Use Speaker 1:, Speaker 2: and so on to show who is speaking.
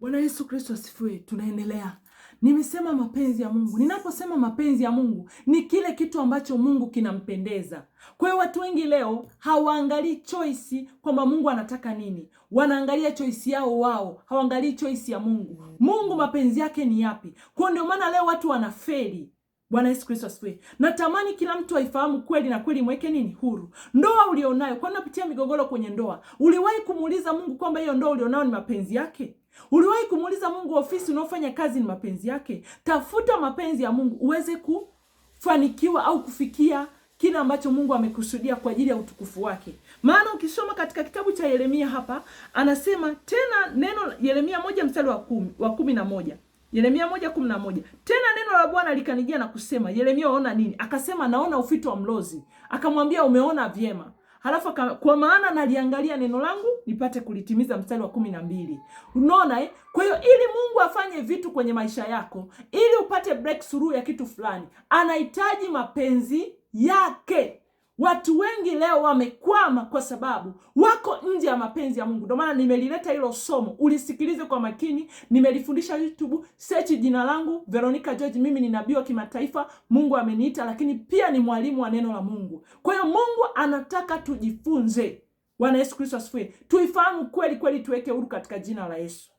Speaker 1: Bwana Yesu Kristo asifiwe. Tunaendelea. Nimesema mapenzi ya Mungu. Ninaposema mapenzi ya Mungu ni kile kitu ambacho Mungu kinampendeza. Kwa hiyo watu wengi leo hawaangalii choice kwamba Mungu anataka nini, wanaangalia choice yao wao, hawaangalii choice ya Mungu. Mungu mapenzi yake ni yapi? Kwa hiyo ndio maana leo watu wanafeli Bwana Yesu Kristo asifiwe. Natamani kila mtu aifahamu kweli na kweli mweke nini huru. Ndoa ulionayo, kwa unapitia migogoro kwenye ndoa? Uliwahi kumuuliza Mungu kwamba hiyo ndoa ulionayo ni mapenzi yake? Uliwahi kumuuliza Mungu ofisi unaofanya kazi ni mapenzi yake? Tafuta mapenzi ya Mungu uweze kufanikiwa au kufikia kile ambacho Mungu amekusudia kwa ajili ya utukufu wake. Maana ukisoma katika kitabu cha Yeremia hapa anasema tena neno Yeremia moja mstari wa kumi, wa kumi na moja Yeremia moja kumi na moja tena neno la Bwana likanijia na kusema, Yeremia, waona nini? Akasema, naona ufito wa mlozi. Akamwambia, umeona vyema. Halafu kwa maana naliangalia neno langu nipate kulitimiza. Mstari wa kumi na mbili. Unaona eh? Kwa hiyo ili Mungu afanye vitu kwenye maisha yako, ili upate breakthrough ya kitu fulani, anahitaji mapenzi yake watu wengi leo wamekwama kwa sababu wako nje ya mapenzi ya Mungu. Ndio maana nimelileta hilo somo, ulisikilize kwa makini. Nimelifundisha YouTube, search jina langu Veronica George. Mimi ni nabii wa kimataifa, Mungu ameniita, lakini pia ni mwalimu wa neno la Mungu. Kwa hiyo Mungu anataka tujifunze. Bwana Yesu Kristo asifiwe. Tuifahamu kweli kweli, tuweke huru katika jina la Yesu.